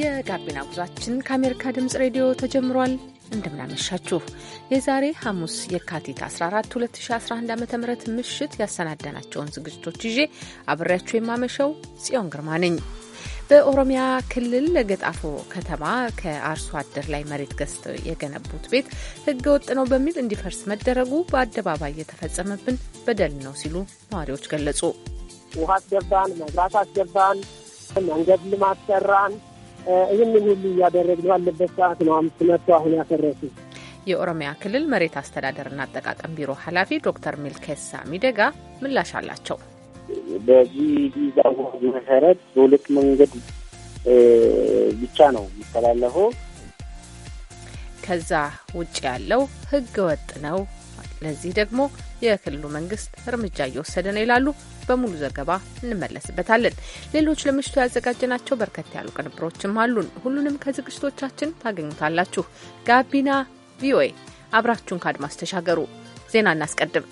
የጋቢና ጉዟችን ከአሜሪካ ድምጽ ሬዲዮ ተጀምሯል። እንደምናመሻችሁ የዛሬ ሐሙስ የካቲት 14 2011 ዓ ም ምሽት ያሰናዳናቸውን ዝግጅቶች ይዤ አብሬያችሁ የማመሸው ጽዮን ግርማ ነኝ። በኦሮሚያ ክልል ገጣፎ ከተማ ከአርሶ አደር ላይ መሬት ገዝተው የገነቡት ቤት ህገወጥ ነው በሚል እንዲፈርስ መደረጉ በአደባባይ የተፈጸመብን በደል ነው ሲሉ ነዋሪዎች ገለጹ። ውሃ አስገባን፣ መብራት አስገባን፣ መንገድ ልማት ሰራን። ይህንን ሁሉ እያደረግን ባለበት ሰዓት ነው አምስት መቶ አሁን ያፈረሱ የኦሮሚያ ክልል መሬት አስተዳደርና አጠቃቀም ቢሮ ኃላፊ ዶክተር ሚልኬሳ ሚደጋ ምላሽ አላቸው። በዚህ ቪዛ አዋጅ መሰረት በሁለት መንገድ ብቻ ነው የሚተላለፈው። ከዛ ውጭ ያለው ህገ ወጥ ነው። ለዚህ ደግሞ የክልሉ መንግስት እርምጃ እየወሰደ ነው ይላሉ። በሙሉ ዘገባ እንመለስበታለን። ሌሎች ለምሽቱ ያዘጋጀናቸው በርከት ያሉ ቅንብሮችም አሉን። ሁሉንም ከዝግጅቶቻችን ታገኙታላችሁ። ጋቢና ቪኦኤ አብራችሁን ከአድማስ ተሻገሩ። ዜና እናስቀድም።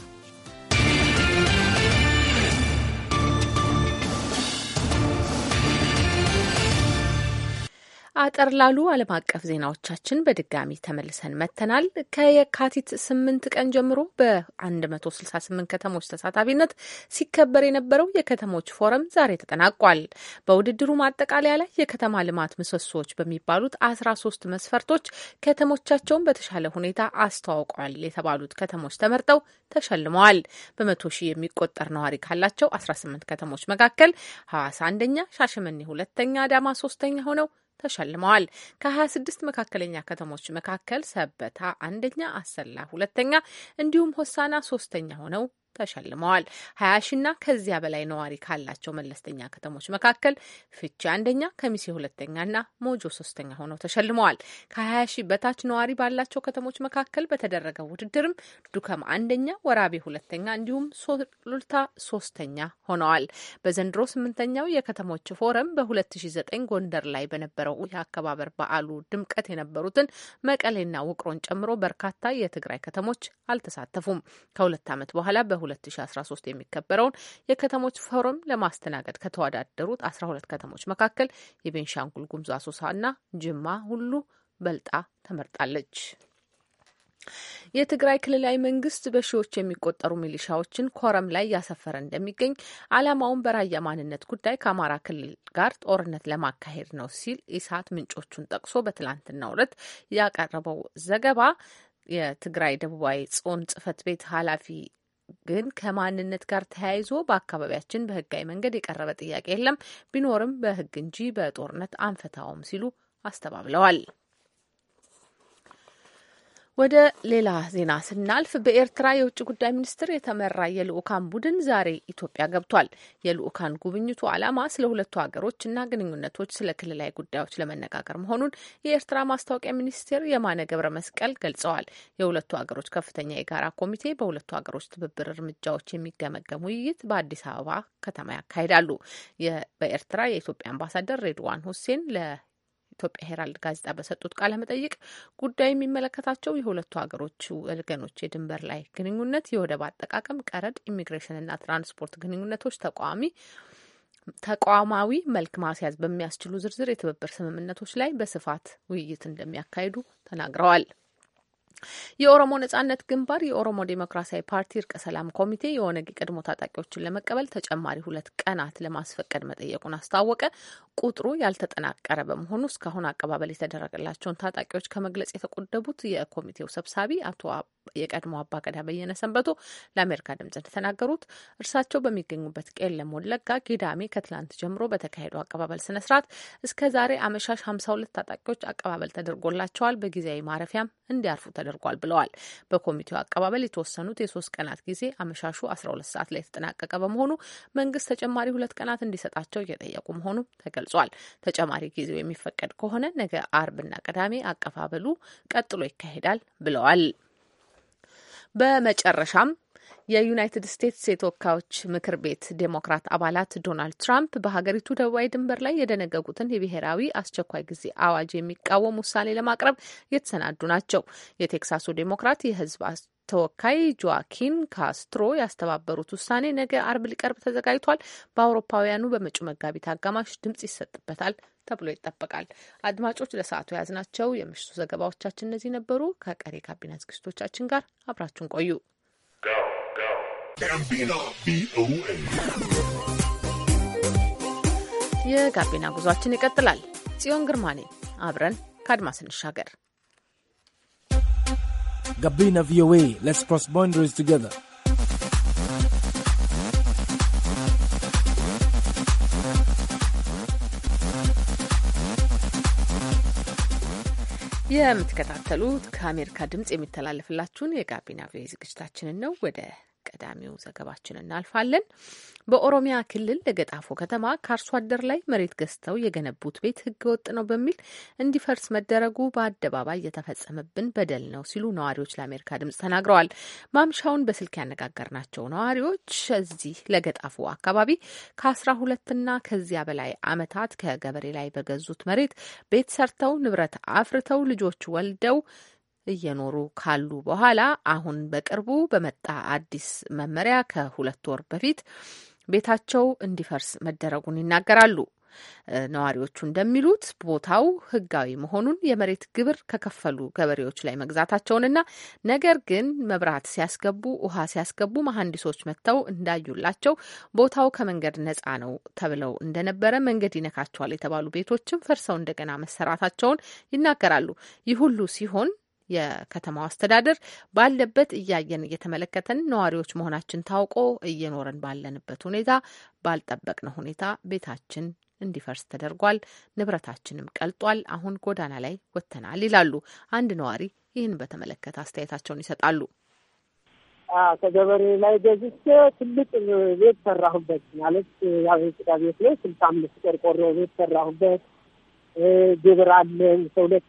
አጠር ላሉ ዓለም አቀፍ ዜናዎቻችን በድጋሚ ተመልሰን መጥተናል። ከየካቲት ስምንት ቀን ጀምሮ በ168 ከተሞች ተሳታፊነት ሲከበር የነበረው የከተሞች ፎረም ዛሬ ተጠናቋል። በውድድሩ ማጠቃለያ ላይ የከተማ ልማት ምሰሶዎች በሚባሉት 13 መስፈርቶች ከተሞቻቸውን በተሻለ ሁኔታ አስተዋውቀዋል የተባሉት ከተሞች ተመርጠው ተሸልመዋል። በመቶ ሺህ የሚቆጠር ነዋሪ ካላቸው 18 ከተሞች መካከል ሐዋሳ አንደኛ፣ ሻሸመኔ ሁለተኛ፣ አዳማ ሶስተኛ ሆነው ተሸልመዋል። ከ26 መካከለኛ ከተሞች መካከል ሰበታ አንደኛ፣ አሰላ ሁለተኛ፣ እንዲሁም ሆሳና ሶስተኛ ሆነው ተሸልመዋል። ሀያ ሺና ከዚያ በላይ ነዋሪ ካላቸው መለስተኛ ከተሞች መካከል ፍቼ አንደኛ፣ ከሚሴ ሁለተኛና ሞጆ ሶስተኛ ሆነው ተሸልመዋል። ከሀያ ሺህ በታች ነዋሪ ባላቸው ከተሞች መካከል በተደረገው ውድድርም ዱከም አንደኛ፣ ወራቤ ሁለተኛ እንዲሁም ሶሉልታ ሶስተኛ ሆነዋል። በዘንድሮ ስምንተኛው የከተሞች ፎረም በ2009 ጎንደር ላይ በነበረው የአከባበር በዓሉ ድምቀት የነበሩትን መቀሌና ውቅሮን ጨምሮ በርካታ የትግራይ ከተሞች አልተሳተፉም። ከሁለት ዓመት በኋላ በ 2013 የሚከበረውን የከተሞች ፎረም ለማስተናገድ ከተወዳደሩት 12 ከተሞች መካከል የቤንሻንጉል ጉምዝ አሶሳ እና ጅማ ሁሉ በልጣ ተመርጣለች። የትግራይ ክልላዊ መንግስት በሺዎች የሚቆጠሩ ሚሊሻዎችን ኮረም ላይ ያሰፈረ እንደሚገኝ ዓላማውን በራያ ማንነት ጉዳይ ከአማራ ክልል ጋር ጦርነት ለማካሄድ ነው ሲል ኢሳት ምንጮቹን ጠቅሶ በትላንትናው ዕለት ያቀረበው ዘገባ የትግራይ ደቡባዊ ዞን ጽህፈት ቤት ኃላፊ ግን ከማንነት ጋር ተያይዞ በአካባቢያችን በህጋዊ መንገድ የቀረበ ጥያቄ የለም፣ ቢኖርም በህግ እንጂ በጦርነት አንፈታውም ሲሉ አስተባብለዋል። ወደ ሌላ ዜና ስናልፍ በኤርትራ የውጭ ጉዳይ ሚኒስትር የተመራ የልኡካን ቡድን ዛሬ ኢትዮጵያ ገብቷል። የልኡካን ጉብኝቱ ዓላማ ስለ ሁለቱ እና ግንኙነቶች፣ ስለ ክልላዊ ጉዳዮች ለመነጋገር መሆኑን የኤርትራ ማስታወቂያ ሚኒስቴር የማነ ገብረ መስቀል ገልጸዋል። የሁለቱ ሀገሮች ከፍተኛ የጋራ ኮሚቴ በሁለቱ ሀገሮች ትብብር እርምጃዎች የሚገመገም ውይይት በአዲስ አበባ ከተማ ያካሂዳሉ። በኤርትራ የኢትዮጵያ አምባሳደር ሬድዋን ሁሴን ለኢትዮጵያ ሄራልድ ጋዜጣ በሰጡት ቃለ መጠይቅ ጉዳዩ የሚመለከታቸው የሁለቱ ሀገሮች ወገኖች የድንበር ላይ ግንኙነት፣ የወደብ አጠቃቀም፣ ቀረድ፣ ኢሚግሬሽንና ትራንስፖርት ግንኙነቶች ተቃዋሚ ተቋማዊ መልክ ማስያዝ በሚያስችሉ ዝርዝር የትብብር ስምምነቶች ላይ በስፋት ውይይት እንደሚያካሂዱ ተናግረዋል። የኦሮሞ ነጻነት ግንባር የኦሮሞ ዴሞክራሲያዊ ፓርቲ እርቀ ሰላም ኮሚቴ የኦነግ የቀድሞ ታጣቂዎችን ለመቀበል ተጨማሪ ሁለት ቀናት ለማስፈቀድ መጠየቁን አስታወቀ። ቁጥሩ ያልተጠናቀረ በመሆኑ እስካሁን አቀባበል የተደረገላቸውን ታጣቂዎች ከመግለጽ የተቆደቡት የኮሚቴው ሰብሳቢ አቶ የቀድሞ አባገዳ በየነ ሰንበቶ ለአሜሪካ ድምጽ እንደተናገሩት እርሳቸው በሚገኙበት ቄለም ወለጋ ጊዳሜ ከትላንት ጀምሮ በተካሄደው አቀባበል ስነ ስርዓት እስከ ዛሬ አመሻሽ ሀምሳ ሁለት ታጣቂዎች አቀባበል ተደርጎላቸዋል። በጊዜያዊ ማረፊያም እንዲያርፉ ተደርጓል ብለዋል። በኮሚቴው አቀባበል የተወሰኑት የሶስት ቀናት ጊዜ አመሻሹ አስራ ሁለት ሰዓት ላይ የተጠናቀቀ በመሆኑ መንግስት ተጨማሪ ሁለት ቀናት እንዲሰጣቸው እየጠየቁ መሆኑ ተገልጿል። ገልጿል። ተጨማሪ ጊዜው የሚፈቀድ ከሆነ ነገ አርብና ቅዳሜ አቀባበሉ ቀጥሎ ይካሄዳል ብለዋል። በመጨረሻም የዩናይትድ ስቴትስ የተወካዮች ምክር ቤት ዴሞክራት አባላት ዶናልድ ትራምፕ በሀገሪቱ ደቡባዊ ድንበር ላይ የደነገጉትን የብሔራዊ አስቸኳይ ጊዜ አዋጅ የሚቃወም ውሳኔ ለማቅረብ የተሰናዱ ናቸው። የቴክሳሱ ዴሞክራት የህዝብ ተወካይ ጆዋኪን ካስትሮ ያስተባበሩት ውሳኔ ነገ አርብ ሊቀርብ ተዘጋጅቷል። በአውሮፓውያኑ በመጪው መጋቢት አጋማሽ ድምጽ ይሰጥበታል ተብሎ ይጠበቃል። አድማጮች፣ ለሰዓቱ የያዝናቸው የምሽቱ ዘገባዎቻችን እነዚህ ነበሩ። ከቀሪ ካቢና ዝግጅቶቻችን ጋር አብራችሁን ቆዩ። የጋቢና ጉዟችን ይቀጥላል። ጽዮን ግርማኔ አብረን ከአድማስ እንሻገር። Gabina VOA. Let's cross boundaries together. የምትከታተሉት ከአሜሪካ ድምፅ የሚተላለፍላችሁን የጋቢና ቪኦኤ ዝግጅታችንን ነው። ወደ ቀዳሚው ዘገባችን እናልፋለን። በኦሮሚያ ክልል ለገጣፎ ከተማ ከአርሶ አደር ላይ መሬት ገዝተው የገነቡት ቤት ወጥ ነው በሚል እንዲፈርስ መደረጉ በአደባባይ የተፈጸመብን በደል ነው ሲሉ ነዋሪዎች ለአሜሪካ ድምጽ ተናግረዋል። ማምሻውን በስልክ ያነጋገርናቸው ነዋሪዎች እዚህ ለገጣፎ አካባቢ ከአስራ ሁለትና ከዚያ በላይ ዓመታት ከገበሬ ላይ በገዙት መሬት ቤት ሰርተው ንብረት አፍርተው ልጆች ወልደው እየኖሩ ካሉ በኋላ አሁን በቅርቡ በመጣ አዲስ መመሪያ ከሁለት ወር በፊት ቤታቸው እንዲፈርስ መደረጉን ይናገራሉ። ነዋሪዎቹ እንደሚሉት ቦታው ሕጋዊ መሆኑን የመሬት ግብር ከከፈሉ ገበሬዎች ላይ መግዛታቸውንና ነገር ግን መብራት ሲያስገቡ፣ ውሃ ሲያስገቡ መሐንዲሶች መጥተው እንዳዩላቸው ቦታው ከመንገድ ነጻ ነው ተብለው እንደነበረ መንገድ ይነካቸዋል የተባሉ ቤቶችም ፈርሰው እንደገና መሰራታቸውን ይናገራሉ። ይህ ሁሉ ሲሆን የከተማው አስተዳደር ባለበት እያየን እየተመለከተን ነዋሪዎች መሆናችን ታውቆ እየኖረን ባለንበት ሁኔታ ባልጠበቅነው ሁኔታ ቤታችን እንዲፈርስ ተደርጓል። ንብረታችንም ቀልጧል። አሁን ጎዳና ላይ ወጥተናል ይላሉ። አንድ ነዋሪ ይህን በተመለከተ አስተያየታቸውን ይሰጣሉ። ከገበሬ ላይ ገዝቼ ትልቅ ቤት ሰራሁበት ማለት ያው ጭቃ ቤት ላይ ስልሳ አምስት ቆርቆሮ ቤት ሰራሁበት ግብር አለ ከሁለት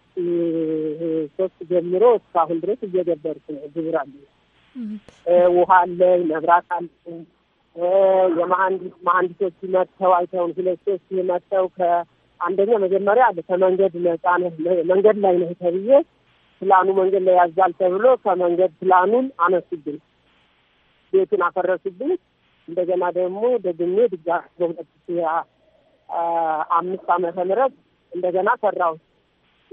ሶስት ጀምሮ እስካሁን ድረስ እየገበርኩ ነው። ግብር አለ፣ ውሃ አለ፣ መብራት አለ። የመሀንዲስ መሀንዲሶች መጥተው አይተውን ሁለት ሶስት መጥተው ከአንደኛ መጀመሪያ አለ ከመንገድ ነጻ መንገድ ላይ ነህ ተብዬ ፕላኑ መንገድ ላይ ያዛል ተብሎ ከመንገድ ፕላኑን አነሱብን፣ ቤቱን አፈረሱብን። እንደገና ደግሞ ደግሜ ድጋሚ በሁለት ሺህ አምስት ዓመተ ምህረት እንደገና ሰራው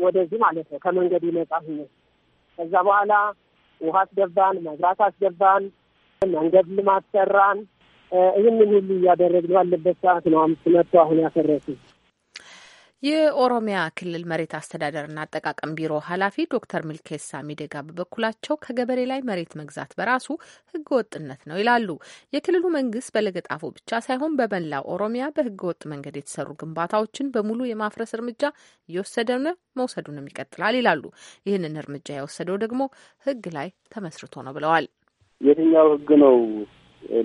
ወደዚህ ማለት ነው ከመንገድ ይመጣ ሁኜ። ከዛ በኋላ ውሃ አስገባን፣ መብራት አስገባን፣ መንገድ ልማት ሰራን። ይህንን ሁሉ እያደረግን ባለበት ሰዓት ነው አምስት መቶ አሁን ያፈረሱ የኦሮሚያ ክልል መሬት አስተዳደርና አጠቃቀም ቢሮ ኃላፊ ዶክተር ሚልኬሳ ሚደጋ በበኩላቸው ከገበሬ ላይ መሬት መግዛት በራሱ ህገወጥነት ነው ይላሉ። የክልሉ መንግስት በለገጣፎ ብቻ ሳይሆን በመላ ኦሮሚያ በህገወጥ መንገድ የተሰሩ ግንባታዎችን በሙሉ የማፍረስ እርምጃ እየወሰደ ነው፣ መውሰዱንም ይቀጥላል ይላሉ። ይህንን እርምጃ የወሰደው ደግሞ ህግ ላይ ተመስርቶ ነው ብለዋል። የትኛው ህግ ነው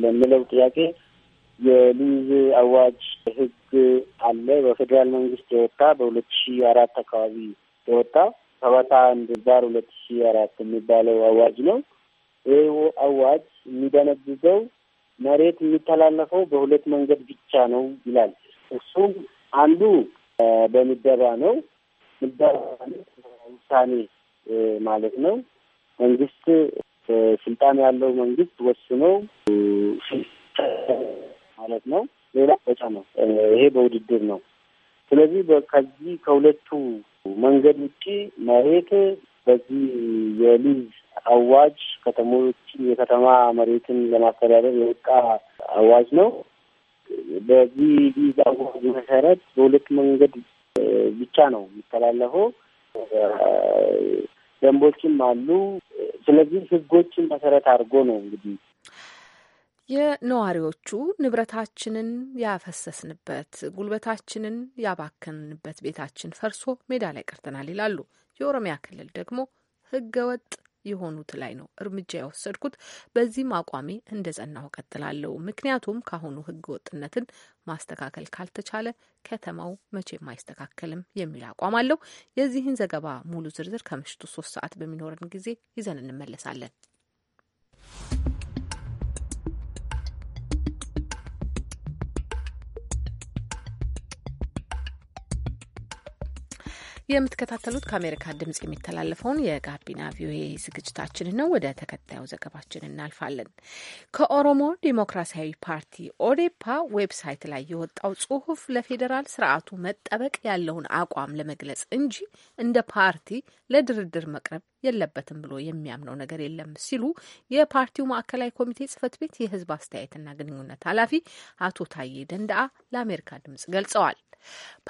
ለምለው ጥያቄ የሊዝ አዋጅ ህግ አለ። በፌዴራል መንግስት የወጣ በሁለት ሺ አራት አካባቢ የወጣ ሰባታ አንድ ዛር ሁለት ሺ አራት የሚባለው አዋጅ ነው። ይህ አዋጅ የሚደነግገው መሬት የሚተላለፈው በሁለት መንገድ ብቻ ነው ይላል። እሱም አንዱ በምደባ ነው። ምደባ ውሳኔ ማለት ነው። መንግስት ስልጣን ያለው መንግስት ወስነው ማለት ነው። ሌላ ቦታ ነው። ይሄ በውድድር ነው። ስለዚህ ከዚህ ከሁለቱ መንገድ ውጪ መሬት በዚህ የሊዝ አዋጅ ከተሞች የከተማ መሬትን ለማስተዳደር የወጣ አዋጅ ነው። በዚህ ሊዝ አዋጅ መሰረት በሁለት መንገድ ብቻ ነው የሚተላለፈው። ደንቦችም አሉ። ስለዚህ ህጎችን መሰረት አድርጎ ነው እንግዲህ የነዋሪዎቹ ንብረታችንን ያፈሰስንበት፣ ጉልበታችንን ያባከንንበት ቤታችን ፈርሶ ሜዳ ላይ ቀርተናል ይላሉ። የኦሮሚያ ክልል ደግሞ ህገወጥ የሆኑት ላይ ነው እርምጃ የወሰድኩት። በዚህም አቋሜ እንደ ጸናው ቀጥላለሁ። ምክንያቱም ከአሁኑ ህገ ወጥነትን ማስተካከል ካልተቻለ ከተማው መቼም አይስተካከልም የሚል አቋም አለው። የዚህን ዘገባ ሙሉ ዝርዝር ከምሽቱ ሶስት ሰዓት በሚኖረን ጊዜ ይዘን እንመለሳለን። የምትከታተሉት ከአሜሪካ ድምጽ የሚተላለፈውን የጋቢና ቪኦኤ ዝግጅታችንን ነው። ወደ ተከታዩ ዘገባችን እናልፋለን። ከኦሮሞ ዴሞክራሲያዊ ፓርቲ ኦዴፓ ዌብሳይት ላይ የወጣው ጽሁፍ ለፌዴራል ስርዓቱ መጠበቅ ያለውን አቋም ለመግለጽ እንጂ እንደ ፓርቲ ለድርድር መቅረብ የለበትም ብሎ የሚያምነው ነገር የለም ሲሉ የፓርቲው ማዕከላዊ ኮሚቴ ጽህፈት ቤት የህዝብ አስተያየትና ግንኙነት ኃላፊ አቶ ታዬ ደንዳአ ለአሜሪካ ድምጽ ገልጸዋል።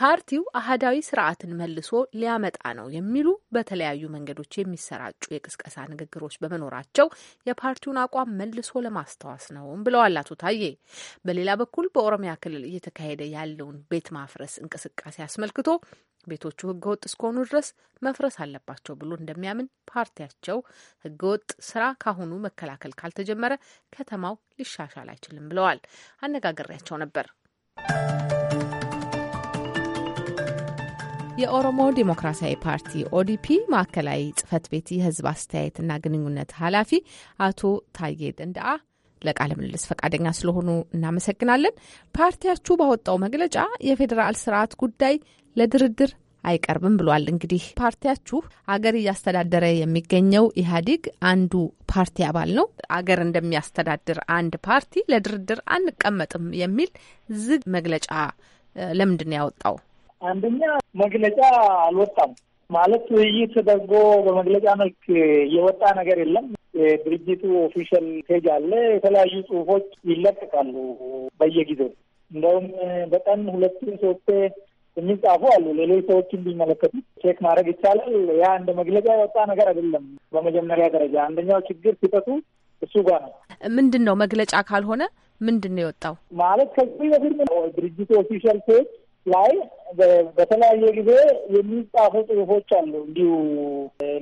ፓርቲው አህዳዊ ስርዓትን መልሶ ሊያመጣ ነው የሚሉ በተለያዩ መንገዶች የሚሰራጩ የቅስቀሳ ንግግሮች በመኖራቸው የፓርቲውን አቋም መልሶ ለማስታወስ ነውም ብለዋል አቶ ታዬ። በሌላ በኩል በኦሮሚያ ክልል እየተካሄደ ያለውን ቤት ማፍረስ እንቅስቃሴ አስመልክቶ ቤቶቹ ህገወጥ እስከሆኑ ድረስ መፍረስ አለባቸው ብሎ እንደሚያምን ፓርቲያቸው ህገወጥ ስራ ካሁኑ መከላከል ካልተጀመረ ከተማው ሊሻሻል አይችልም ብለዋል። አነጋገሪያቸው ነበር። የኦሮሞ ዴሞክራሲያዊ ፓርቲ ኦዲፒ ማዕከላዊ ጽህፈት ቤት የህዝብ አስተያየትና ግንኙነት ኃላፊ አቶ ታዬ ደንዳአ ለቃለ ምልልስ ፈቃደኛ ስለሆኑ እናመሰግናለን። ፓርቲያችሁ ባወጣው መግለጫ የፌዴራል ስርዓት ጉዳይ ለድርድር አይቀርብም ብሏል። እንግዲህ ፓርቲያችሁ አገር እያስተዳደረ የሚገኘው ኢህአዴግ አንዱ ፓርቲ አባል ነው። አገር እንደሚያስተዳድር አንድ ፓርቲ ለድርድር አንቀመጥም የሚል ዝግ መግለጫ ለምንድን ነው ያወጣው? አንደኛ መግለጫ አልወጣም ማለት ውይይት ተደርጎ በመግለጫ መልክ የወጣ ነገር የለም። የድርጅቱ ኦፊሻል ፔጅ አለ። የተለያዩ ጽሁፎች ይለቀቃሉ በየጊዜው እንደውም በቀን ሁለት ሶስቴ የሚጻፉ አሉ። ሌሎች ሰዎች እንዲመለከቱ ቼክ ማድረግ ይቻላል። ያ እንደ መግለጫ የወጣ ነገር አይደለም። በመጀመሪያ ደረጃ አንደኛው ችግር ሲጠቱ እሱ ጋር ነው። ምንድን ነው መግለጫ ካልሆነ ምንድን ነው የወጣው ማለት ከዚህ በፊት ድርጅቱ ኦፊሻል ፔጅ ላይ በተለያየ ጊዜ የሚጻፉ ጽሁፎች አሉ። እንዲሁ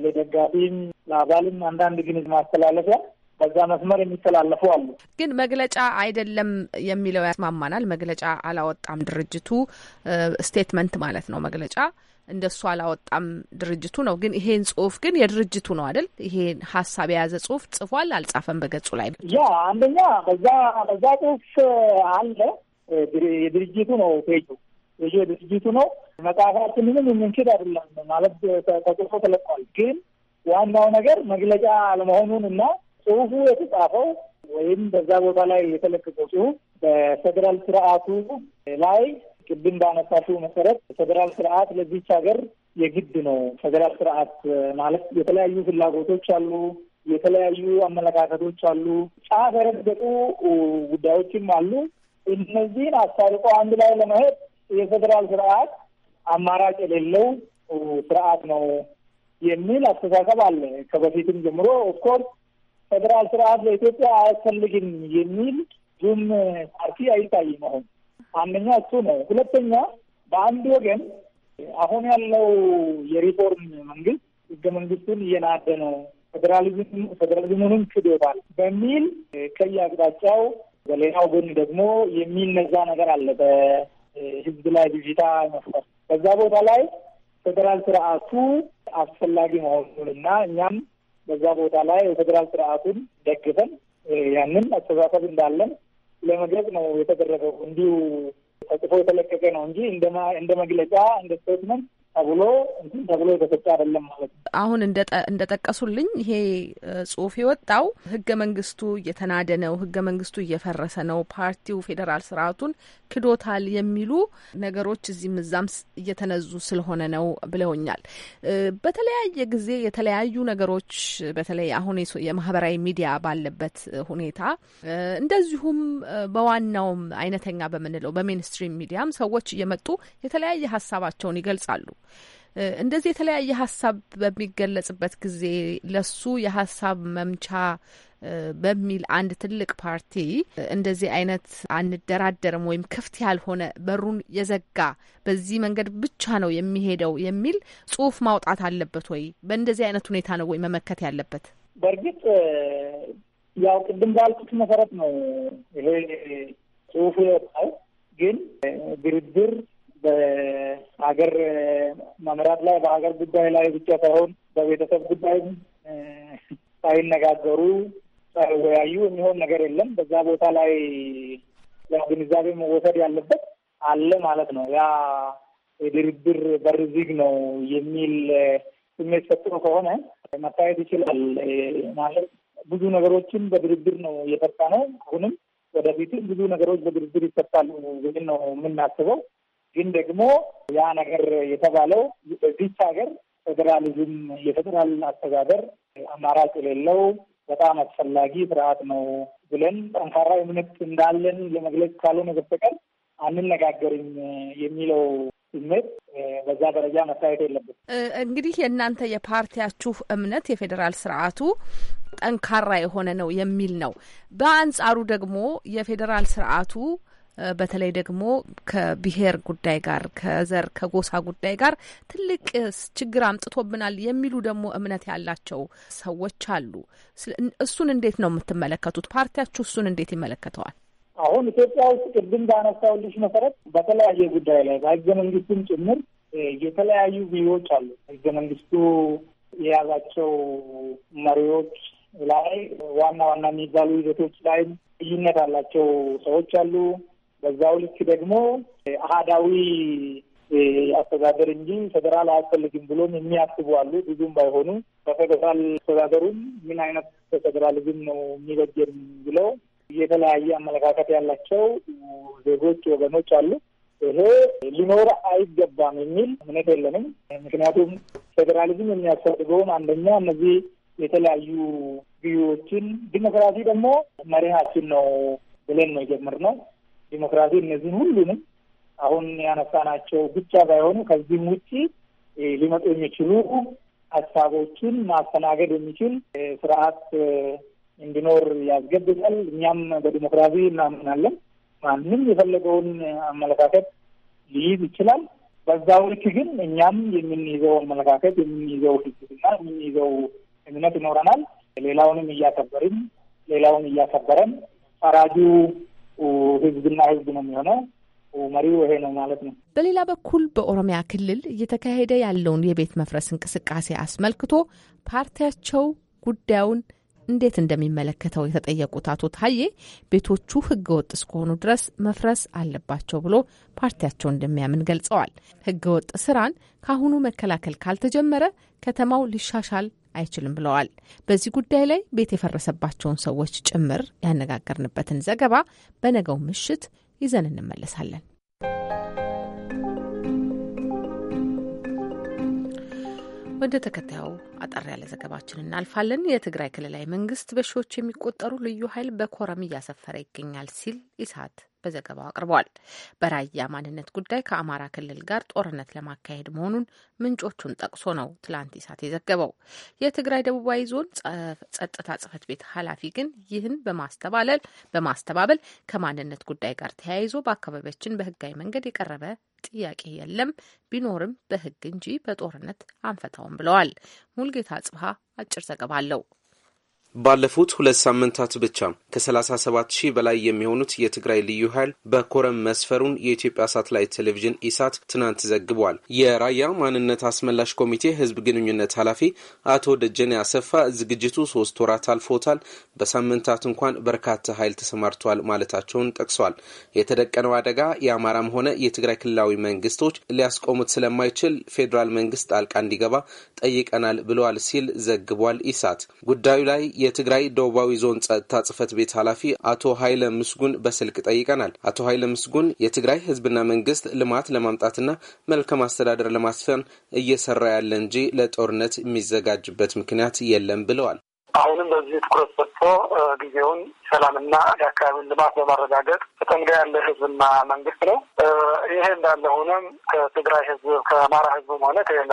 ለደጋፊም ለአባልም አንዳንድ ግን ማስተላለፊያ በዛ መስመር የሚተላለፉ አሉ። ግን መግለጫ አይደለም የሚለው ያስማማናል። መግለጫ አላወጣም ድርጅቱ ስቴትመንት ማለት ነው። መግለጫ እንደሱ አላወጣም ድርጅቱ ነው። ግን ይሄን ጽሁፍ ግን የድርጅቱ ነው አይደል? ይሄን ሀሳብ የያዘ ጽሁፍ ጽፏል አልጻፈም? በገጹ ላይ ያ አንደኛ በዛ በዛ ጽሁፍ አለ የድርጅቱ ነው ፔጁ ድርጅቱ ነው። መጽሐፋችንንም የምንችል አይደለም ማለት ተጽፎ ተለቋል። ግን ዋናው ነገር መግለጫ አለመሆኑን እና ጽሁፉ የተጻፈው ወይም በዛ ቦታ ላይ የተለቀቀው ጽሁፍ በፌዴራል ስርዓቱ ላይ ቅድም ባነሳሽው መሰረት ፌዴራል ስርዓት ለዚች ሀገር የግድ ነው። ፌዴራል ስርዓት ማለት የተለያዩ ፍላጎቶች አሉ፣ የተለያዩ አመለካከቶች አሉ፣ ጫፍ የረገጡ ጉዳዮችም አሉ። እነዚህን አስታርቆ አንድ ላይ ለመሄድ የፌዴራል ስርዓት አማራጭ የሌለው ስርዓት ነው የሚል አስተሳሰብ አለ። ከበፊትም ጀምሮ ኦፍኮርስ ፌዴራል ስርዓት ለኢትዮጵያ አያስፈልግም የሚል ብዙም ፓርቲ አይታይም። አሁን አንደኛ እሱ ነው። ሁለተኛ በአንድ ወገን አሁን ያለው የሪፎርም መንግስት ህገ መንግስቱን እየናደ ነው፣ ፌዴራሊዝሙንም ክዶታል በሚል ከየአቅጣጫው በሌላው ጎን ደግሞ የሚነዛ ነገር አለ። ህዝብ ላይ ብዥታ መፍጠር በዛ ቦታ ላይ ፌዴራል ስርዓቱ አስፈላጊ እና እኛም በዛ ቦታ ላይ የፌዴራል ስርዓቱን ደግፈን ያንን አስተሳሰብ እንዳለን ለመግለጽ ነው የተደረገው። እንዲሁ ተጽፎ የተለቀቀ ነው እንጂ እንደ መግለጫ እንደ ስቴትመንት ተብሎ እንትን ተብሎ የተሰጠ አይደለም ማለት ነው። አሁን እንደ ጠቀሱልኝ ይሄ ጽሁፍ የወጣው ህገ መንግስቱ እየተናደ ነው፣ ህገ መንግስቱ እየፈረሰ ነው፣ ፓርቲው ፌዴራል ስርዓቱን ክዶታል የሚሉ ነገሮች እዚህም እዛም እየተነዙ ስለሆነ ነው ብለውኛል። በተለያየ ጊዜ የተለያዩ ነገሮች በተለይ አሁን የማህበራዊ ሚዲያ ባለበት ሁኔታ እንደዚሁም በዋናውም አይነተኛ በምንለው በሜንስትሪም ሚዲያም ሰዎች እየመጡ የተለያየ ሀሳባቸውን ይገልጻሉ። እንደዚህ የተለያየ ሀሳብ በሚገለጽበት ጊዜ ለሱ የሀሳብ መምቻ በሚል አንድ ትልቅ ፓርቲ እንደዚህ አይነት አንደራደርም ወይም ክፍት ያልሆነ በሩን የዘጋ በዚህ መንገድ ብቻ ነው የሚሄደው የሚል ጽሁፍ ማውጣት አለበት ወይ? በእንደዚህ አይነት ሁኔታ ነው ወይ መመከት ያለበት? በእርግጥ ያው ቅድም ባልኩት መሰረት ነው ይሄ ጽሁፉ የወጣው። ግን ድርድር በሀገር መምራት ላይ በሀገር ጉዳይ ላይ ብቻ ሳይሆን በቤተሰብ ጉዳይም ሳይነጋገሩ ሳይወያዩ የሚሆን ነገር የለም። በዛ ቦታ ላይ ያው ግንዛቤ መወሰድ ያለበት አለ ማለት ነው። ያ የድርድር በር ዝግ ነው የሚል ስሜት ፈጥሮ ከሆነ መታየት ይችላል ማለት ብዙ ነገሮችን በድርድር ነው እየፈታ ነው። አሁንም ወደፊትም ብዙ ነገሮች በድርድር ይፈታሉ ነው የምናስበው። ግን ደግሞ ያ ነገር የተባለው በዚች ሀገር ፌዴራሊዝም የፌዴራል አስተዳደር አማራጭ የሌለው በጣም አስፈላጊ ስርዓት ነው ብለን ጠንካራ እምነት እንዳለን ለመግለጽ ካልሆነ በስተቀር አንነጋገርም የሚለው ስሜት በዛ ደረጃ መታየት የለበት። እንግዲህ የእናንተ የፓርቲያችሁ እምነት የፌዴራል ስርዓቱ ጠንካራ የሆነ ነው የሚል ነው። በአንጻሩ ደግሞ የፌዴራል ስርዓቱ በተለይ ደግሞ ከብሔር ጉዳይ ጋር ከዘር ከጎሳ ጉዳይ ጋር ትልቅ ችግር አምጥቶብናል የሚሉ ደግሞ እምነት ያላቸው ሰዎች አሉ። እሱን እንዴት ነው የምትመለከቱት? ፓርቲያችሁ እሱን እንዴት ይመለከተዋል? አሁን ኢትዮጵያ ውስጥ ቅድም ባነሳውልሽ መሰረት በተለያየ ጉዳይ ላይ በህገ መንግስቱም ጭምር የተለያዩ ብሔሮች አሉ። ህገ መንግስቱ የያዛቸው መሪዎች ላይ ዋና ዋና የሚባሉ ይዘቶች ላይ ልዩነት አላቸው ሰዎች አሉ። በዛው ልክ ደግሞ አህዳዊ አስተዳደር እንጂ ፌዴራል አያስፈልግም ብሎም የሚያስቡ አሉ። ብዙም ባይሆኑ በፌዴራል አስተዳደሩም ምን አይነት ፌዴራሊዝም ነው የሚበጀን ብለው የተለያየ አመለካከት ያላቸው ዜጎች፣ ወገኖች አሉ። ይሄ ሊኖር አይገባም የሚል እምነት የለንም። ምክንያቱም ፌዴራሊዝም የሚያስፈልገውም አንደኛ እነዚህ የተለያዩ ብዮችን ዲሞክራሲ ደግሞ መሪሃችን ነው ብለን ነው የጀመርነው ዲሞክራሲ እነዚህም ሁሉንም አሁን ያነሳናቸው ብቻ ባይሆኑ ከዚህም ውጭ ሊመጡ የሚችሉ ሀሳቦችን ማስተናገድ የሚችል ስርዓት እንዲኖር ያስገድዳል። እኛም በዲሞክራሲ እናምናለን። ማንም የፈለገውን አመለካከት ሊይዝ ይችላል። በዛው ልክ ግን እኛም የምንይዘው አመለካከት፣ የምንይዘው ህግና የምንይዘው እምነት ይኖረናል። ሌላውንም እያከበርን ሌላውን እያከበረን ፈራጁ ህዝብና ህዝብ ነው የሚሆነው። መሪው ይሄ ነው ማለት ነው። በሌላ በኩል በኦሮሚያ ክልል እየተካሄደ ያለውን የቤት መፍረስ እንቅስቃሴ አስመልክቶ ፓርቲያቸው ጉዳዩን እንዴት እንደሚመለከተው የተጠየቁት አቶ ታዬ ቤቶቹ ህገወጥ እስከሆኑ ድረስ መፍረስ አለባቸው ብሎ ፓርቲያቸው እንደሚያምን ገልጸዋል። ህገወጥ ስራን ከአሁኑ መከላከል ካልተጀመረ ከተማው ሊሻሻል አይችልም ብለዋል። በዚህ ጉዳይ ላይ ቤት የፈረሰባቸውን ሰዎች ጭምር ያነጋገርንበትን ዘገባ በነገው ምሽት ይዘን እንመለሳለን። ወደ ተከታዩ አጠር ያለ ዘገባችን እናልፋለን። የትግራይ ክልላዊ መንግስት በሺዎች የሚቆጠሩ ልዩ ኃይል በኮረም እያሰፈረ ይገኛል ሲል ኢሳት በዘገባው አቅርበዋል። በራያ ማንነት ጉዳይ ከአማራ ክልል ጋር ጦርነት ለማካሄድ መሆኑን ምንጮቹን ጠቅሶ ነው ትላንት ኢሳት የዘገበው። የትግራይ ደቡባዊ ዞን ጸጥታ ጽፈት ቤት ኃላፊ ግን ይህን በማስተባበል ከማንነት ጉዳይ ጋር ተያይዞ በአካባቢያችን በህጋዊ መንገድ የቀረበ ጥያቄ የለም፣ ቢኖርም በህግ እንጂ በጦርነት አንፈታውም ብለዋል። ሙልጌታ ጽብሃ አጭር ዘገባ አለው። ባለፉት ሁለት ሳምንታት ብቻ ከ37 ሺህ በላይ የሚሆኑት የትግራይ ልዩ ኃይል በኮረም መስፈሩን የኢትዮጵያ ሳትላይት ቴሌቪዥን ኢሳት ትናንት ዘግቧል። የራያ ማንነት አስመላሽ ኮሚቴ ህዝብ ግንኙነት ኃላፊ አቶ ደጀኔ አሰፋ ዝግጅቱ ሶስት ወራት አልፎታል፣ በሳምንታት እንኳን በርካታ ኃይል ተሰማርቷል ማለታቸውን ጠቅሷል። የተደቀነው አደጋ የአማራም ሆነ የትግራይ ክልላዊ መንግስቶች ሊያስቆሙት ስለማይችል ፌዴራል መንግስት ጣልቃ እንዲገባ ጠይቀናል ብለዋል ሲል ዘግቧል። ኢሳት ጉዳዩ ላይ የትግራይ ደቡባዊ ዞን ጸጥታ ጽህፈት ቤት ኃላፊ አቶ ኃይለ ምስጉን በስልክ ጠይቀናል። አቶ ኃይለ ምስጉን የትግራይ ህዝብና መንግስት ልማት ለማምጣትና መልካም አስተዳደር ለማስፈን እየሰራ ያለ እንጂ ለጦርነት የሚዘጋጅበት ምክንያት የለም ብለዋል። አሁንም በዚህ ትኩረት ሰጥቶ ጊዜውን ሰላምና የአካባቢውን ልማት በማረጋገጥ ተጠምጋ ያለ ህዝብና መንግስት ነው። ይሄ እንዳለ ሆነም ከትግራይ ህዝብ ከአማራ ህዝብም ሆነ ከሌላ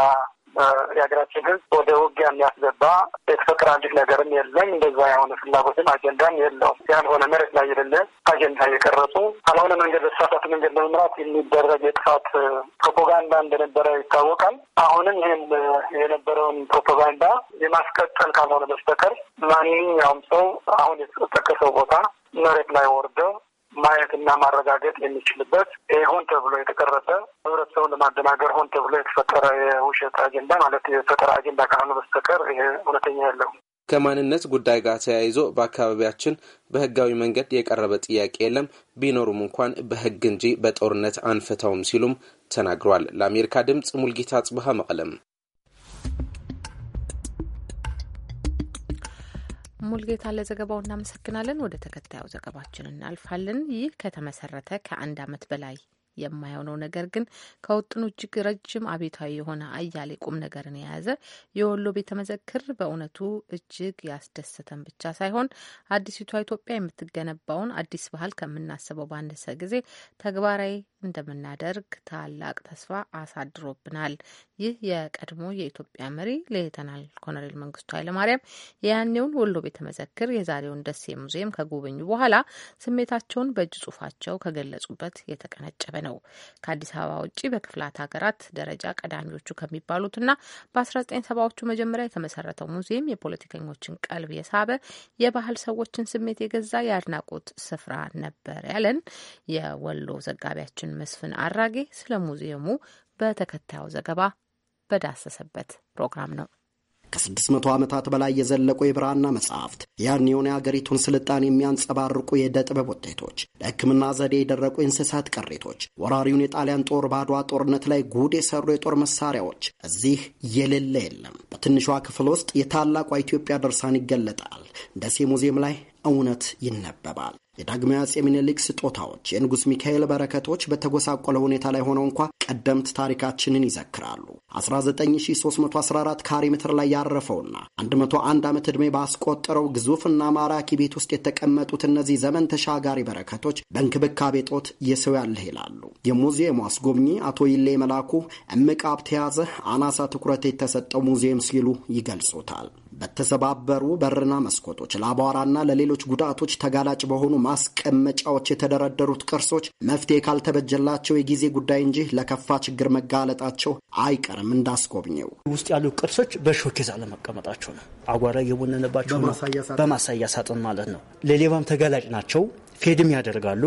የሀገራችን ህዝብ ወደ ውጊያ የሚያስገባ የተፈጠረ አዲስ ነገርም የለም። እንደዛ የሆነ ፍላጎትም አጀንዳም የለውም። ያልሆነ መሬት ላይ የሌለ አጀንዳ እየቀረጹ ካልሆነ መንገድ በተሳሳተ መንገድ ለመምራት የሚደረግ የጥፋት ፕሮፓጋንዳ እንደነበረ ይታወቃል። አሁንም ይህም የነበረውን ፕሮፓጋንዳ የማስቀጠል ካልሆነ በስተቀር ማንኛውም ሰው አሁን የተጠቀሰው ቦታ መሬት ላይ ወርደው ማየትና ማረጋገጥ የሚችልበት ሆን ተብሎ የተቀረጸ ህብረተሰቡን ለማደናገር ሆን ተብሎ የተፈጠረ የውሸት አጀንዳ ማለት የፈጠረ አጀንዳ ካልሆነ በስተቀር ይሄ እውነተኛ ያለው ከማንነት ጉዳይ ጋር ተያይዞ በአካባቢያችን በህጋዊ መንገድ የቀረበ ጥያቄ የለም፣ ቢኖሩም እንኳን በህግ እንጂ በጦርነት አንፈታውም ሲሉም ተናግሯል። ለአሜሪካ ድምፅ ሙልጌታ ጽብሃ መቀለም ሙልጌታ ለዘገባው እናመሰግናለን። ወደ ተከታዩ ዘገባችን እናልፋለን። ይህ ከተመሰረተ ከአንድ አመት በላይ የማይሆነው ነገር ግን ከውጥኑ እጅግ ረጅም አቤታዊ የሆነ አያሌ ቁም ነገርን የያዘ የወሎ ቤተ መዘክር በእውነቱ እጅግ ያስደሰተን ብቻ ሳይሆን አዲሲቷ ኢትዮጵያ የምትገነባውን አዲስ ባህል ከምናስበው ባነሰ ጊዜ ተግባራዊ እንደምናደርግ ታላቅ ተስፋ አሳድሮብናል። ይህ የቀድሞ የኢትዮጵያ መሪ ሌተናል ኮሎኔል መንግስቱ ኃይለማርያም የያኔውን ወሎ ቤተ መዘክር፣ የዛሬውን ደሴ ሙዚየም ከጎበኙ በኋላ ስሜታቸውን በእጅ ጽሁፋቸው ከገለጹበት የተቀነጨበ ነው። ከአዲስ አበባ ውጭ በክፍላት ሀገራት ደረጃ ቀዳሚዎቹ ከሚባሉትና በ1970ዎቹ መጀመሪያ የተመሰረተው ሙዚየም የፖለቲከኞችን ቀልብ የሳበ የባህል ሰዎችን ስሜት የገዛ የአድናቆት ስፍራ ነበር ያለን የወሎ ዘጋቢያችን ባልደረባችን መስፍን አራጌ ስለ ሙዚየሙ በተከታዩ ዘገባ በዳሰሰበት ፕሮግራም ነው። ከስድስት መቶ ዓመታት በላይ የዘለቁ የብራና መጽሐፍት ያኔውን የአገሪቱን ስልጣን የሚያንጸባርቁ የዕደ ጥበብ ውጤቶች፣ ለሕክምና ዘዴ የደረቁ የእንስሳት ቅሪቶች፣ ወራሪውን የጣሊያን ጦር ባዷ ጦርነት ላይ ጉድ የሰሩ የጦር መሳሪያዎች እዚህ የሌለ የለም። በትንሿ ክፍል ውስጥ የታላቋ ኢትዮጵያ ድርሳን ይገለጣል። ደሴ ሙዚየም ላይ እውነት ይነበባል። የዳግማዊ አጼ ምኒልክ ስጦታዎች፣ የንጉሥ ሚካኤል በረከቶች በተጎሳቆለ ሁኔታ ላይ ሆነው እንኳ ቀደምት ታሪካችንን ይዘክራሉ። 19314 ካሬ ሜትር ላይ ያረፈውና 101 ዓመት ዕድሜ ባስቆጠረው ግዙፍና ማራኪ ቤት ውስጥ የተቀመጡት እነዚህ ዘመን ተሻጋሪ በረከቶች በእንክብካቤ ጦት የሰው ያለህ ይላሉ። የሙዚየሙ አስጎብኚ አቶ ይሌ መላኩ እምቅ ሀብት የያዘ አናሳ ትኩረት የተሰጠው ሙዚየም ሲሉ ይገልጹታል። በተሰባበሩ በርና መስኮቶች ለአቧራና ለሌ ለሌሎች ጉዳቶች ተጋላጭ በሆኑ ማስቀመጫዎች የተደረደሩት ቅርሶች መፍትሄ ካልተበጀላቸው የጊዜ ጉዳይ እንጂ ለከፋ ችግር መጋለጣቸው አይቀርም። እንዳስጎብኘው ውስጥ ያሉ ቅርሶች በሾኬዝ አለመቀመጣቸው ነው። አጓራ እየቦነነባቸው በማሳያ ሳጥን ማለት ነው። ለሌባም ተጋላጭ ናቸው። ፌድም ያደርጋሉ።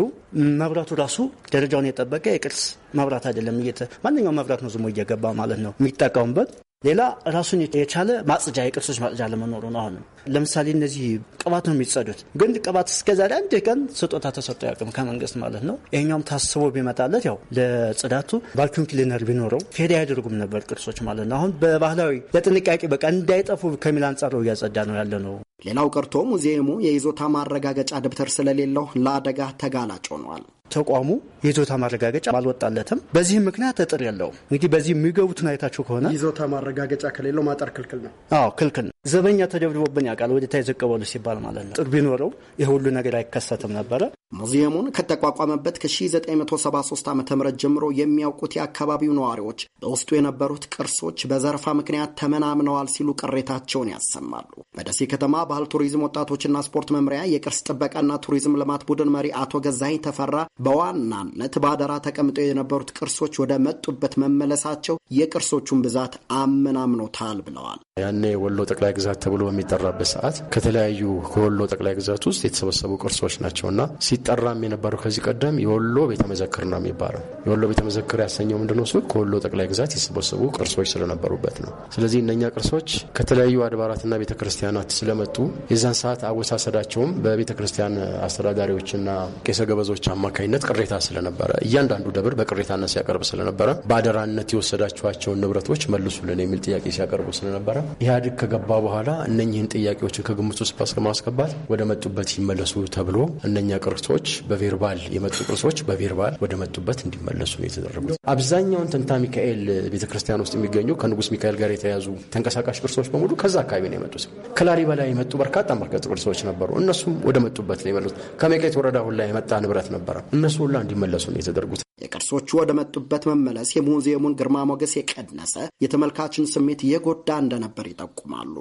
መብራቱ ራሱ ደረጃውን የጠበቀ የቅርስ መብራት አይደለም። ማንኛውም መብራት ነው ዝሞ እየገባ ማለት ነው የሚጠቀሙበት ሌላ ራሱን የቻለ ማጽጃ የቅርሶች ማጽጃ ለመኖሩ ነው። አሁንም ለምሳሌ እነዚህ ቅባት ነው የሚጸዱት፣ ግን ቅባት እስከዛሬ አንድ ቀን ስጦታ ተሰጥቶ ያቅም ከመንግስት ማለት ነው። ይህኛውም ታስቦ ቢመጣለት ያው ለጽዳቱ ቫኪዩም ክሊነር ቢኖረው ፌዳ ያደርጉም ነበር ቅርሶች ማለት ነው። አሁን በባህላዊ ለጥንቃቄ በቃ እንዳይጠፉ ከሚል አንጻር እያጸዳ ነው ያለ ነው። ሌላው ቀርቶ ሙዚየሙ የይዞታ ማረጋገጫ ደብተር ስለሌለው ለአደጋ ተጋላጭ ሆኗል። ተቋሙ የይዞታ ማረጋገጫ አልወጣለትም። በዚህ ምክንያት እጥር የለውም። እንግዲህ በዚህ የሚገቡትን አይታችሁ ከሆነ ይዞታ ማረጋገጫ ከሌለው ማጠር ክልክል ነው። አዎ ክልክል ነው። ዘበኛ ተደብድቦብን ያውቃል። ወደታ የዘቀበሉ ሲባል ማለት ነው። ጥር ቢኖረው ይህ ሁሉ ነገር አይከሰትም ነበረ። ሙዚየሙን ከተቋቋመበት ከ1973 ዓ ም ጀምሮ የሚያውቁት የአካባቢው ነዋሪዎች በውስጡ የነበሩት ቅርሶች በዘረፋ ምክንያት ተመናምነዋል ሲሉ ቅሬታቸውን ያሰማሉ። በደሴ ከተማ ባህል ቱሪዝም ወጣቶችና ስፖርት መምሪያ የቅርስ ጥበቃና ቱሪዝም ልማት ቡድን መሪ አቶ ገዛኝ ተፈራ በዋናነት በአደራ ተቀምጠው የነበሩት ቅርሶች ወደ መጡበት መመለሳቸው የቅርሶቹን ብዛት አመናምኖታል ብለዋል። ያኔ ወሎ ጠቅላይ ግዛት ተብሎ በሚጠራበት ሰዓት ከተለያዩ ከወሎ ጠቅላይ ግዛት ውስጥ የተሰበሰቡ ቅርሶች ናቸው እና ሲጠራም የነበረው ከዚህ ቀደም የወሎ ቤተመዘክር ነው የሚባለው። የወሎ ቤተመዘክር ያሰኘው ምንድነው? እሱ ከወሎ ጠቅላይ ግዛት የተሰበሰቡ ቅርሶች ስለነበሩበት ነው። ስለዚህ እነኛ ቅርሶች ከተለያዩ አድባራትና ቤተክርስቲያናት ስለመጡ የዛን ሰዓት አወሳሰዳቸውም በቤተክርስቲያን አስተዳዳሪዎችና ቄሰ ገበዞች አማካኝ በቋሚነት ቅሬታ ስለነበረ እያንዳንዱ ደብር በቅሬታነት ሲያቀርብ ስለነበረ በአደራነት የወሰዳችኋቸውን ንብረቶች መልሱልን የሚል ጥያቄ ሲያቀርቡ ስለነበረ ኢህአዴግ ከገባ በኋላ እነኝህን ጥያቄዎችን ከግምት ውስጥ በማስገባት ወደ መጡበት ይመለሱ ተብሎ እነኛ ቅርሶች በቬርባል የመጡ ቅርሶች በቬርባል ወደ መጡበት እንዲመለሱ ነው የተደረጉት። አብዛኛውን ተንታ ሚካኤል ቤተክርስቲያን ውስጥ የሚገኙ ከንጉስ ሚካኤል ጋር የተያዙ ተንቀሳቃሽ ቅርሶች በሙሉ ከዛ አካባቢ ነው የመጡት። ከላሊበላ የመጡ በርካታ መርከጥ ቅርሶች ነበሩ። እነሱም ወደ መጡበት ነው የመሉት። ከመቄት ወረዳ ሁላ የመጣ ንብረት ነበረ። እነሱ ሁላ እንዲመለሱ ነው የተደረጉት። የቅርሶቹ ወደ መጡበት መመለስ የሙዚየሙን ግርማ ሞገስ የቀነሰ፣ የተመልካችን ስሜት የጎዳ እንደነበር ይጠቁማሉ።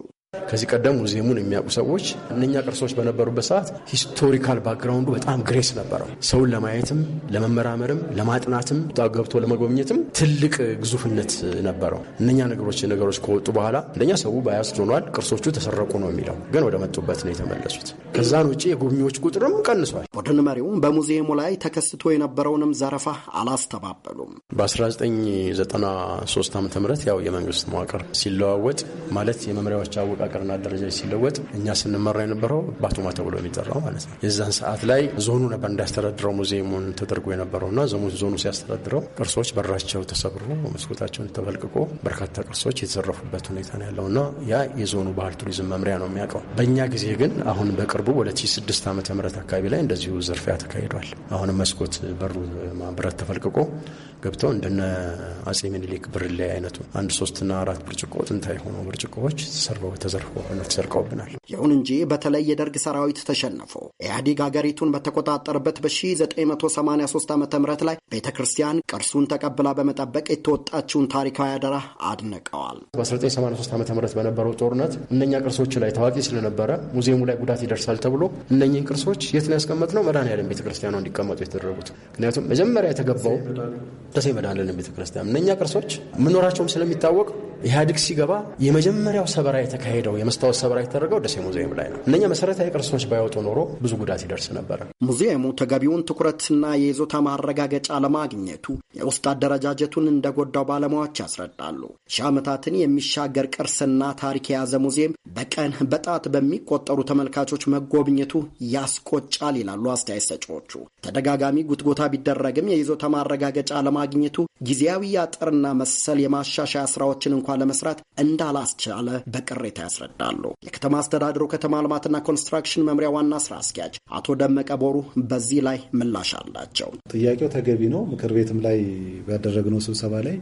ከዚህ ቀደም ሙዚየሙን የሚያውቁ ሰዎች እነኛ ቅርሶች በነበሩበት ሰዓት ሂስቶሪካል ባክግራውንዱ በጣም ግሬስ ነበረው። ሰውን ለማየትም ለመመራመርም ለማጥናትም ገብቶ ለመጎብኘትም ትልቅ ግዙፍነት ነበረው። እነኛ ነገሮች ነገሮች ከወጡ በኋላ እንደኛ ሰው ባያስ ሆኗል። ቅርሶቹ ተሰረቁ ነው የሚለው ግን ወደ መጡበት ነው የተመለሱት። ከዛን ውጭ የጎብኚዎች ቁጥርም ቀንሷል። ቡድን መሪውም በሙዚየሙ ላይ ተከስቶ የነበረውንም ዘረፋ አላስተባበሉም። በ1993 ዓ ም ያው የመንግስት መዋቅር ሲለዋወጥ ማለት የመምሪያዎች አወቀ አወቃቀርና አደረጃጀት ሲለወጥ እኛ ስንመራ የነበረው ባቱማ ተብሎ የሚጠራው ማለት ነው። የዛን ሰዓት ላይ ዞኑ ነበር እንዳያስተዳድረው ሙዚየሙን ተደርጎ የነበረውና ዞኑ ሲያስተዳድረው ቅርሶች በራቸው ተሰብሮ መስኮታቸውን ተፈልቅቆ በርካታ ቅርሶች የተዘረፉበት ሁኔታ ነው ያለውና ያ የዞኑ ባህል ቱሪዝም መምሪያ ነው የሚያውቀው። በእኛ ጊዜ ግን አሁን በቅርቡ 2006 ዓ ም አካባቢ ላይ እንደዚሁ ዝርፊያ ተካሂዷል። አሁንም መስኮት በሩ ብረት ተፈልቅቆ ገብተው እንደነ አጼ ምኒልክ ብርሌ አይነቱ አንድ ሶስትና አራት ብርጭቆ ጥንታዊ የሆኑ ብርጭቆዎች ተሰርበው ተዘርፎ ተሰርቀውብናል። ይሁን እንጂ በተለይ የደርግ ሰራዊት ተሸንፎ ኢህአዴግ ሀገሪቱን በተቆጣጠርበት በ1983 ዓ ም ላይ ቤተ ክርስቲያን ቅርሱን ተቀብላ በመጠበቅ የተወጣችውን ታሪካዊ አደራ አድንቀዋል። በ1983 ዓ ም በነበረው ጦርነት እነኛ ቅርሶች ላይ ታዋቂ ስለነበረ ሙዚየሙ ላይ ጉዳት ይደርሳል ተብሎ እነኚህን ቅርሶች የት ነው ያስቀመጥነው? መድኃኔዓለም ቤተ ክርስቲያኗ እንዲቀመጡ የተደረጉት ምክንያቱም መጀመሪያ የተገባው ደሴ መድኃኔዓለም ቤተ ክርስቲያን እነኛ ቅርሶች መኖራቸውም ስለሚታወቅ ኢህአዴግ ሲገባ የመጀመሪያው ሰበራ የተካሄደ ሄደው የመስታወት ሰበራ የተደረገው ደሴ ሙዚየም ላይ ነው። እነኛ መሰረታዊ ቅርሶች ባይወጡ ኖሮ ብዙ ጉዳት ይደርስ ነበረ። ሙዚየሙ ተገቢውን ትኩረትና የይዞታ ማረጋገጫ ለማግኘቱ የውስጥ አደረጃጀቱን እንደጎዳው ባለሙያዎች ያስረዳሉ። ሺህ ዓመታትን የሚሻገር ቅርስና ታሪክ የያዘ ሙዚየም በቀን በጣት በሚቆጠሩ ተመልካቾች መጎብኘቱ ያስቆጫል ይላሉ አስተያየት ሰጪዎቹ። ተደጋጋሚ ጉትጎታ ቢደረግም የይዞታ ማረጋገጫ ለማግኘቱ ጊዜያዊ አጥርና መሰል የማሻሻያ ስራዎችን እንኳን ለመስራት እንዳላስቻለ በቅሬታ ያስረዳሉ። የከተማ አስተዳደሩ ከተማ ልማትና ኮንስትራክሽን መምሪያ ዋና ስራ አስኪያጅ አቶ ደመቀ ቦሩ በዚህ ላይ ምላሽ አላቸው። ጥያቄው ተገቢ ነው። ምክር ቤትም ላይ ባደረግነው ስብሰባ ላይ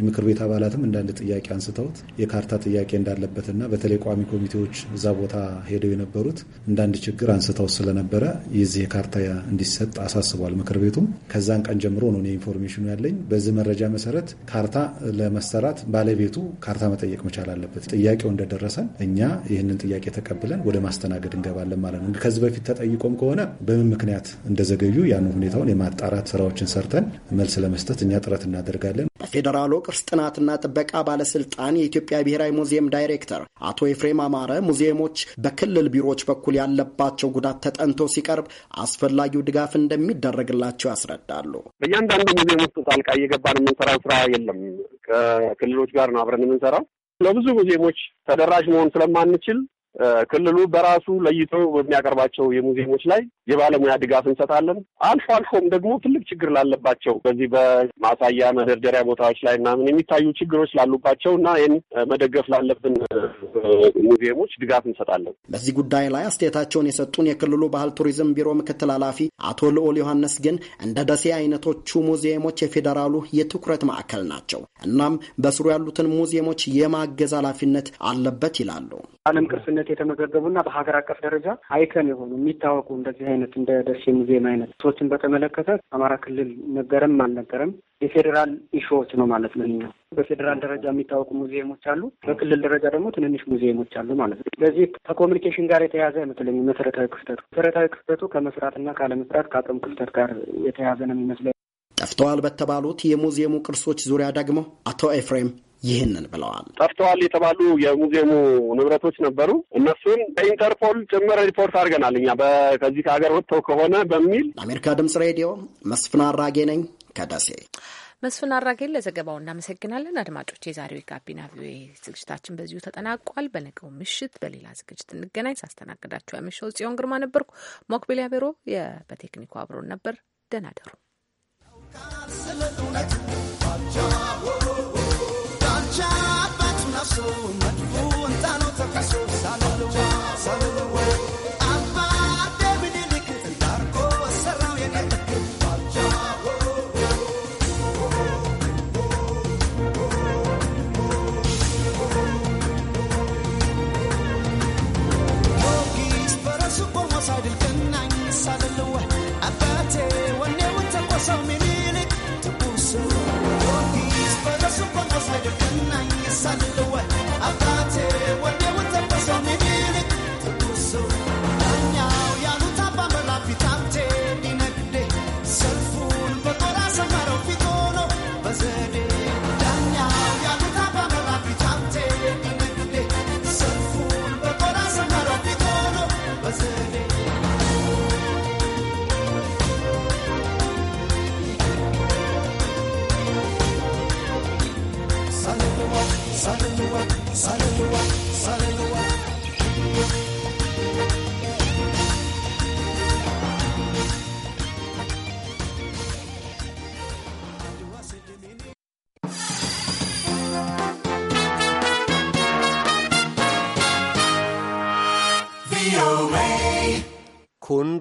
የምክር ቤት አባላትም እንዳንድ ጥያቄ አንስተውት የካርታ ጥያቄ እንዳለበትና በተለይ ቋሚ ኮሚቴዎች እዛ ቦታ ሄደው የነበሩት እንዳንድ ችግር አንስተው ስለነበረ የዚህ የካርታ እንዲሰጥ አሳስቧል። ምክር ቤቱም ከዛን ቀን ጀምሮ ነው ኢንፎርሜሽኑ ያለኝ። በዚህ መረጃ መሰረት ካርታ ለመሰራት ባለቤቱ ካርታ መጠየቅ መቻል አለበት። ጥያቄው እንደደረሰን እኛ ይህንን ጥያቄ ተቀብለን ወደ ማስተናገድ እንገባለን ማለት ነው። ከዚህ በፊት ተጠይቆም ከሆነ በምን ምክንያት እንደዘገዩ ያንን ሁኔታውን የማጣራት ስራዎችን ሰርተን መልስ ለመስጠት እኛ ጥረት እናደርጋለን። በፌዴራሉ ቅርስ ጥናትና ጥበቃ ባለስልጣን የኢትዮጵያ ብሔራዊ ሙዚየም ዳይሬክተር አቶ ኤፍሬም አማረ ሙዚየሞች በክልል ቢሮዎች በኩል ያለባቸው ጉዳት ተጠንቶ ሲቀርብ አስፈላጊው ድጋፍ እንደሚደረግላቸው ያስረዳሉ። በእያንዳንዱ ሙዚየም ውስጥ ጣልቃ እየገባን የምንሰራው ስራ የለም። ከክልሎች ጋር ነው አብረን የምንሰራው። ለብዙ ሙዚየሞች ተደራሽ መሆን ስለማንችል ክልሉ በራሱ ለይቶ በሚያቀርባቸው የሙዚየሞች ላይ የባለሙያ ድጋፍ እንሰጣለን። አልፎ አልፎም ደግሞ ትልቅ ችግር ላለባቸው በዚህ በማሳያ መደርደሪያ ቦታዎች ላይ ምናምን የሚታዩ ችግሮች ላሉባቸው እና ይህን መደገፍ ላለብን ሙዚየሞች ድጋፍ እንሰጣለን። በዚህ ጉዳይ ላይ አስተያየታቸውን የሰጡን የክልሉ ባህል ቱሪዝም ቢሮ ምክትል ኃላፊ አቶ ልዑል ዮሐንስ ግን እንደ ደሴ አይነቶቹ ሙዚየሞች የፌዴራሉ የትኩረት ማዕከል ናቸው። እናም በስሩ ያሉትን ሙዚየሞች የማገዝ ኃላፊነት አለበት ይላሉ። ዓለም ቅርስነት በአንድነት የተመዘገቡና በሀገር አቀፍ ደረጃ አይከን የሆኑ የሚታወቁ እንደዚህ አይነት እንደ ደሴ ሙዚየም አይነት ሶችን በተመለከተ አማራ ክልል ነገረም አልነገረም የፌዴራል ኢሾዎች ነው ማለት ነው። እኛ በፌዴራል ደረጃ የሚታወቁ ሙዚየሞች አሉ፣ በክልል ደረጃ ደግሞ ትንንሽ ሙዚየሞች አሉ ማለት ነው። ስለዚህ ከኮሚኒኬሽን ጋር የተያዘ አይመስለኝ መሰረታዊ ክፍተቱ መሰረታዊ ክፍተቱ ከመስራትና ካለመስራት ከአቅም ክፍተት ጋር የተያዘ ነው የሚመስለኝ። ጠፍተዋል በተባሉት የሙዚየሙ ቅርሶች ዙሪያ ደግሞ አቶ ኤፍሬም ይህንን ብለዋል። ጠፍተዋል የተባሉ የሙዚየሙ ንብረቶች ነበሩ። እነሱን በኢንተርፖል ጭምር ሪፖርት አድርገናል እኛ ከዚህ ከሀገር ወጥተው ከሆነ በሚል ለአሜሪካ ድምጽ ሬዲዮ መስፍን አራጌ ነኝ ከደሴ። መስፍን አራጌን ለዘገባው እናመሰግናለን። አድማጮች፣ የዛሬው የጋቢና ቪኦኤ ዝግጅታችን በዚሁ ተጠናቋል። በነገው ምሽት በሌላ ዝግጅት እንገናኝ። ሳስተናግዳችሁ ያመሸው ጽዮን ግርማ ነበርኩ። ሞክቤል ያቤሮ በቴክኒኩ አብሮን ነበር። ደህና ደሩ።